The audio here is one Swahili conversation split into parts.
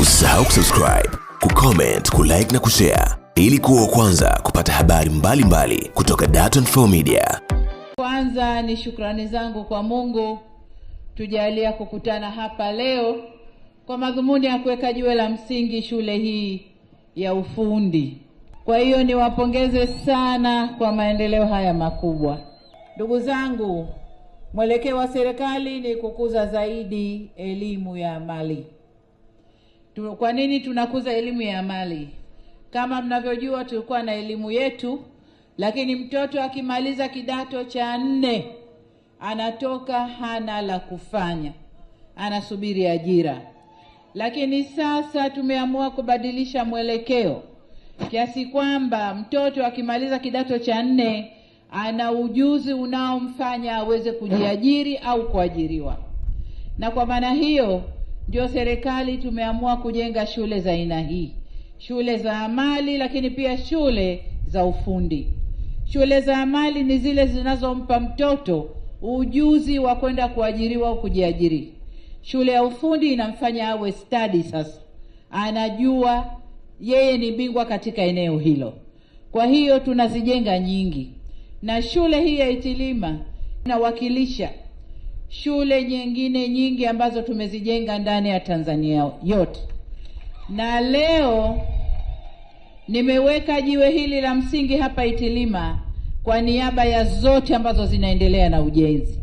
Usisahau kusubscribe, kucomment, kulike na kushare ili kuwa kwanza kupata habari mbalimbali mbali kutoka Dar24 Media. Kwanza ni shukrani zangu kwa Mungu tujalia kukutana hapa leo kwa madhumuni ya kuweka jiwe la msingi shule hii ya ufundi. Kwa hiyo niwapongeze sana kwa maendeleo haya makubwa. Ndugu zangu, mwelekeo wa serikali ni kukuza zaidi elimu ya mali kwa nini tunakuza elimu ya amali? Kama mnavyojua, tulikuwa na elimu yetu, lakini mtoto akimaliza kidato cha nne anatoka hana la kufanya, anasubiri ajira. Lakini sasa tumeamua kubadilisha mwelekeo kiasi kwamba mtoto akimaliza kidato cha nne ana ujuzi unaomfanya aweze kujiajiri au kuajiriwa, na kwa maana hiyo ndio serikali tumeamua kujenga shule za aina hii, shule za amali, lakini pia shule za ufundi. Shule za amali ni zile zinazompa mtoto ujuzi wa kwenda kuajiriwa au kujiajiri. Shule ya ufundi inamfanya awe stadi, sasa anajua yeye ni bingwa katika eneo hilo. Kwa hiyo tunazijenga nyingi, na shule hii ya Itilima inawakilisha shule nyingine nyingi ambazo tumezijenga ndani ya Tanzania yote. Na leo nimeweka jiwe hili la msingi hapa Itilima kwa niaba ya zote ambazo zinaendelea na ujenzi,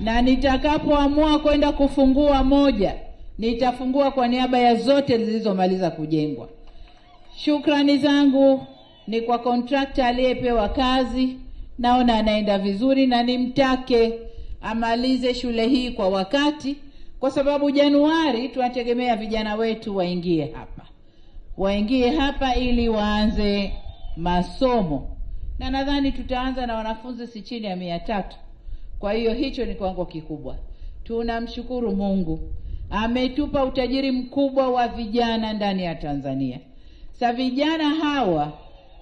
na nitakapoamua kwenda kufungua moja, nitafungua kwa niaba ya zote zilizomaliza kujengwa. Shukrani zangu ni kwa kontrakta aliyepewa kazi, naona anaenda vizuri na nimtake amalize shule hii kwa wakati, kwa sababu Januari tunategemea vijana wetu waingie hapa, waingie hapa ili waanze masomo, na nadhani tutaanza na wanafunzi si chini ya mia tatu. Kwa hiyo hicho ni kiwango kikubwa. Tunamshukuru Mungu ametupa utajiri mkubwa wa vijana ndani ya Tanzania. Sa vijana hawa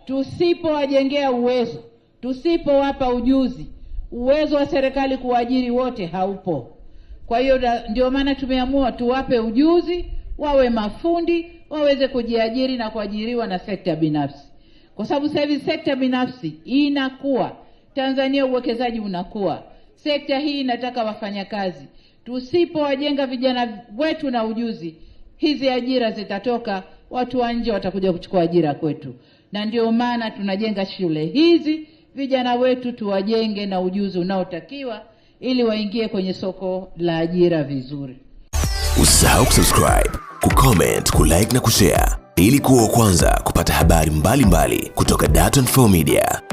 tusipowajengea uwezo, tusipowapa ujuzi uwezo wa serikali kuwaajiri wote haupo. Kwa hiyo ndio maana tumeamua tuwape ujuzi, wawe mafundi, waweze kujiajiri na kuajiriwa na sekta binafsi, kwa sababu sasa hivi sekta binafsi inakuwa Tanzania, uwekezaji unakuwa. Sekta hii inataka wafanyakazi. Tusipowajenga vijana wetu na ujuzi, hizi ajira zitatoka, watu wa nje watakuja kuchukua ajira kwetu, na ndio maana tunajenga shule hizi vijana wetu tuwajenge na ujuzi unaotakiwa ili waingie kwenye soko la ajira vizuri. Usisahau kusubscribe, kucomment, kulike na kushare ili kuwa wa kwanza kupata habari mbalimbali mbali kutoka Dar24 Media.